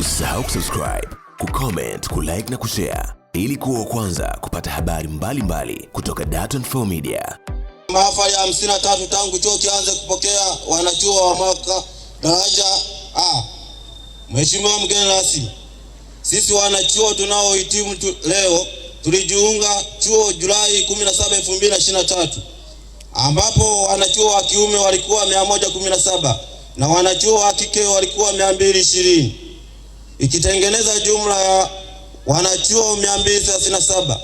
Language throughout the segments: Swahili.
Usisahau kusubscribe, kucomment, kulike na kushare ili kuwa kwanza kupata habari mbalimbali mbali kutoka Dar24 Media. Mahafali ya 53 tangu chuo kianze kupokea wanachuo wa mwaka daraja A. Mheshimiwa mgeni rasmi, sisi wanachuo tunaohitimu tu leo tulijiunga chuo Julai 17, 2023 ambapo wanachuo wa kiume walikuwa 117 na wanachuo wa kike walikuwa 220 ikitengeneza jumla ya wanachuo 237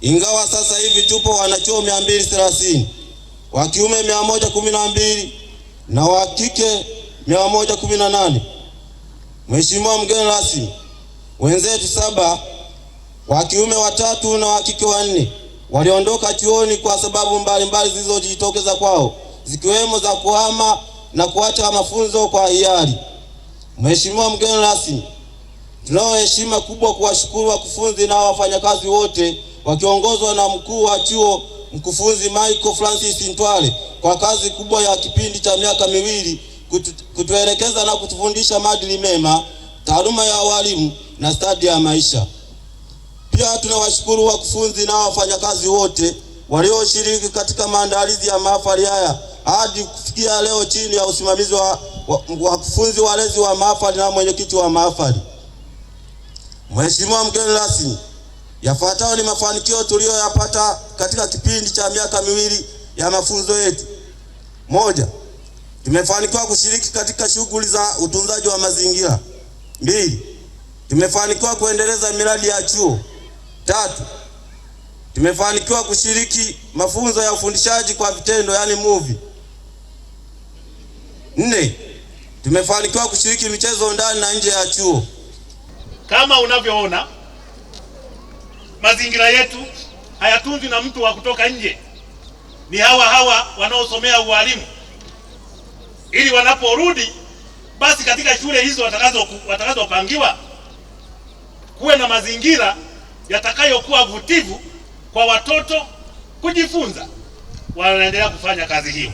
ingawa sasa hivi tupo wanachuo 230 wa kiume 112 na wa kike 118. Mheshimiwa mgeni rasmi, wenzetu saba wa kiume watatu na wa kike wanne waliondoka chuoni kwa sababu mbalimbali zilizojitokeza kwao zikiwemo za kuhama na kuacha mafunzo kwa hiari. Mheshimiwa mgeni rasmi, tunao heshima kubwa kuwashukuru wakufunzi na wafanyakazi wote wakiongozwa na mkuu wa chuo mkufunzi Michael Francis Ntwale kwa kazi kubwa ya kipindi cha miaka miwili kutu, kutuelekeza na kutufundisha maadili mema, taaluma ya walimu na stadi ya maisha. Pia tunawashukuru wakufunzi na wafanyakazi wote walioshiriki katika maandalizi ya mahafali haya hadi kufikia leo chini ya usimamizi wa wakufunzi walezi wa mahafali na mwenyekiti wa mahafali. Mheshimiwa mgeni rasmi, yafuatayo ni mafanikio tuliyoyapata katika kipindi cha miaka miwili ya mafunzo yetu. Moja, tumefanikiwa kushiriki katika shughuli za utunzaji wa mazingira. Mbili, tumefanikiwa kuendeleza miradi ya chuo. Tatu, tumefanikiwa kushiriki mafunzo ya ufundishaji kwa vitendo, yani movie. Nne, Tumefanikiwa kushiriki michezo ndani na nje ya chuo. Kama unavyoona mazingira yetu hayatunzwi na mtu wa kutoka nje, ni hawa hawa wanaosomea ualimu, ili wanaporudi basi katika shule hizo watakazopangiwa kuwe na mazingira yatakayokuwa vutivu kwa watoto kujifunza, wanaendelea kufanya kazi hiyo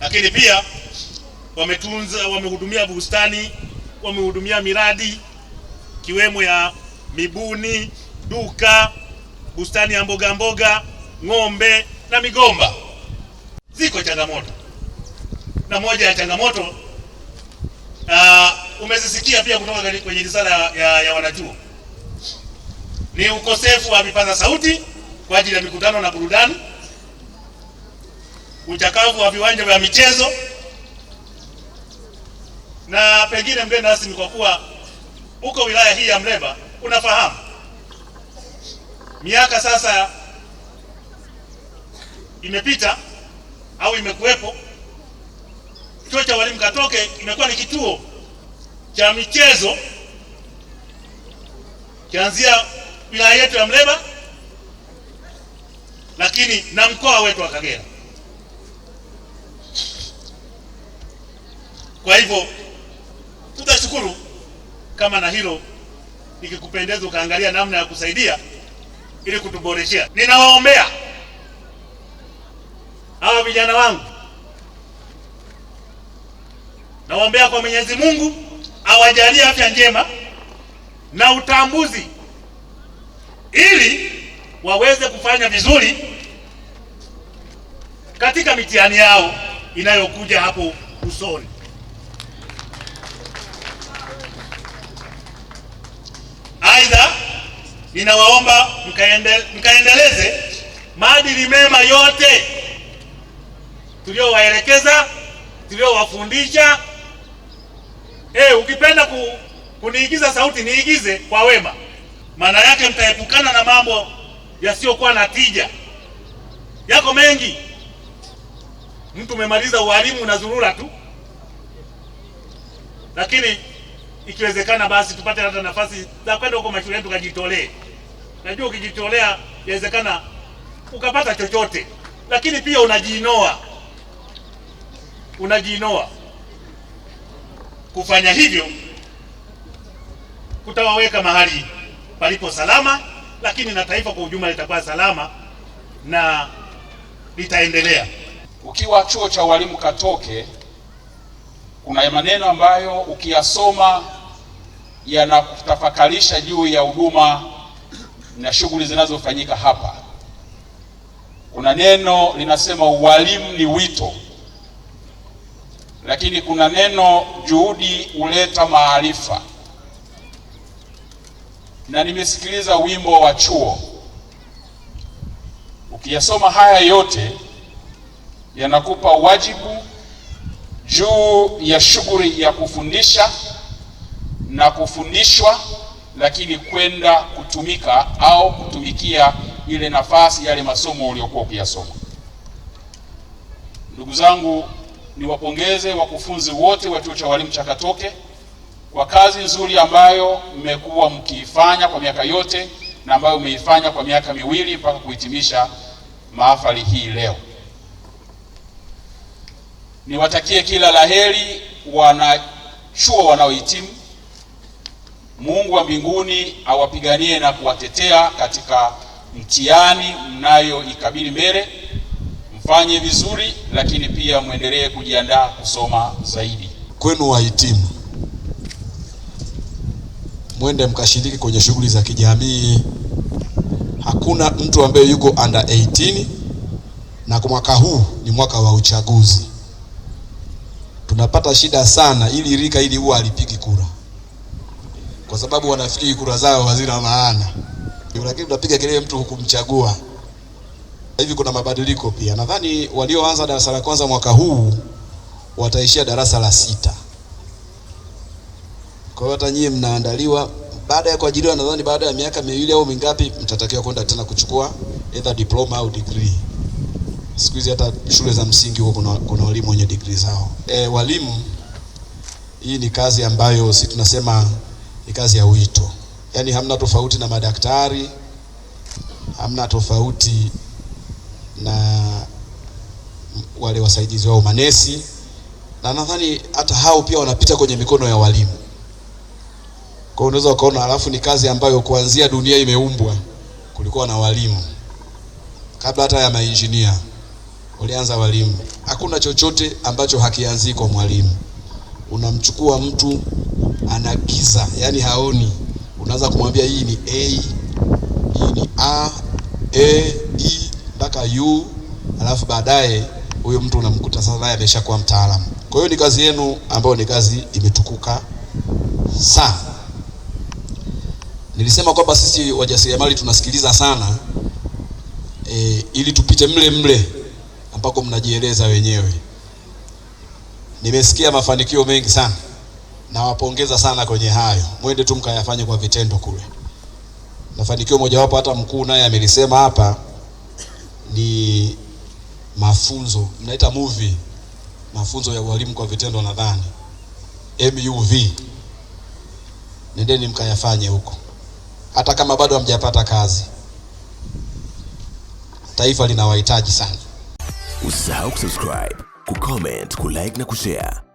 lakini pia wametunza, wamehudumia bustani, wamehudumia miradi kiwemo ya mibuni, duka, bustani ya mboga mboga, ng'ombe na migomba. Ziko changamoto na moja ya changamoto uh, umezisikia pia kutoka kwenye risala ya, ya wanachuo ni ukosefu wa vipaza sauti kwa ajili ya mikutano na burudani uchakavu wa viwanja vya michezo, na pengine mgeni rasmi, kwa kuwa uko wilaya hii ya Mleba, unafahamu miaka sasa imepita au imekuwepo, kituo cha walimu Katoke imekuwa ni kituo cha michezo kianzia wilaya yetu ya Mleba, lakini na mkoa wetu wa Kagera. Kwa hivyo tutashukuru kama na hilo ikikupendeza ukaangalia namna ya kusaidia ili kutuboreshea. Ninawaombea hawa vijana wangu, nawaombea kwa Mwenyezi Mungu awajalie afya njema na utambuzi ili waweze kufanya vizuri katika mitihani yao inayokuja hapo usoni. ninawaomba mkaende, mkaendeleze maadili mema yote tuliowaelekeza tuliowafundisha. Hey, eh, ukipenda ku, kuniigiza sauti niigize kwa wema, maana yake mtaepukana na mambo yasiyokuwa na tija. Yako mengi, mtu umemaliza ualimu na zurura tu, lakini ikiwezekana basi tupate hata nafasi za kwenda huko mashuleni tukajitolee. Najua ukijitolea inawezekana ukapata chochote, lakini pia unajiinoa, unajiinoa. Kufanya hivyo kutawaweka mahali palipo salama, lakini na taifa kwa ujumla litakuwa salama na litaendelea. Ukiwa chuo cha walimu Katoke, kuna maneno ambayo ukiyasoma yanakutafakarisha juu ya huduma na shughuli zinazofanyika hapa. Kuna neno linasema ualimu ni wito, lakini kuna neno juhudi huleta maarifa, na nimesikiliza wimbo wa chuo. Ukiyasoma haya yote yanakupa wajibu juu ya shughuli ya kufundisha na kufundishwa, lakini kwenda kutumika au kutumikia ile nafasi, yale masomo uliokuwa ukiyasoma. Ndugu zangu, niwapongeze wakufunzi wote wa Chuo cha Walimu cha Katoke kwa kazi nzuri ambayo mmekuwa mkiifanya kwa miaka yote na ambayo umeifanya kwa miaka miwili mpaka kuhitimisha mahafali hii leo. Niwatakie kila laheri wanachuo wanaohitimu Mungu wa mbinguni awapiganie na kuwatetea katika mtihani mnayoikabili mbele. Mfanye vizuri, lakini pia mwendelee kujiandaa kusoma zaidi. Kwenu wahitimu, mwende mkashiriki kwenye shughuli za kijamii. Hakuna mtu ambaye yuko under 18 na kwa mwaka huu ni mwaka wa uchaguzi. Tunapata shida sana, ili rika ili huwa alipigi kura kwa sababu wanafikiri kura zao hazina maana, lakini tunapiga kelele mtu hukumchagua. Hivi kuna mabadiliko pia, nadhani walioanza darasa la kwanza mwaka huu wataishia darasa la sita. Kwa hiyo hata nyie mnaandaliwa baada ya kuajiriwa, nadhani baada ya miaka miwili au mingapi, mtatakiwa kwenda tena kuchukua either diploma au degree. Siku hizi hata shule za msingi huko kuna, kuna walimu wenye degree zao. E, walimu, hii ni kazi ambayo si tunasema ni kazi ya wito, yaani hamna tofauti na madaktari, hamna tofauti na wale wasaidizi wao manesi, na nadhani hata hao pia wanapita kwenye mikono ya walimu. Kwa hiyo unaweza ukaona, alafu ni kazi ambayo kuanzia dunia imeumbwa kulikuwa na walimu, kabla hata ya mainjinia ulianza walimu. Hakuna chochote ambacho hakianzii kwa mwalimu. Unamchukua mtu ana giza, yani haoni. Unaanza kumwambia hii ni a, hii ni a, A, e mpaka u, alafu baadaye huyo mtu unamkuta sasa naye ameshakuwa mtaalamu. Kwa hiyo ni kazi yenu ambayo ni kazi imetukuka sana. Nilisema kwamba sisi wajasiriamali tunasikiliza sana e, ili tupite mle mle ambako mnajieleza wenyewe. Nimesikia mafanikio mengi sana nawapongeza sana kwenye hayo, mwende tu mkayafanye kwa vitendo kule. Mafanikio mojawapo hata mkuu naye amelisema hapa ni mafunzo, mnaita movie, mafunzo ya ualimu kwa vitendo, nadhani MUV. Nendeni mkayafanye huko, hata kama bado hamjapata kazi, taifa linawahitaji sana. Usisahau kusubscribe, kucomment, kulike na kushare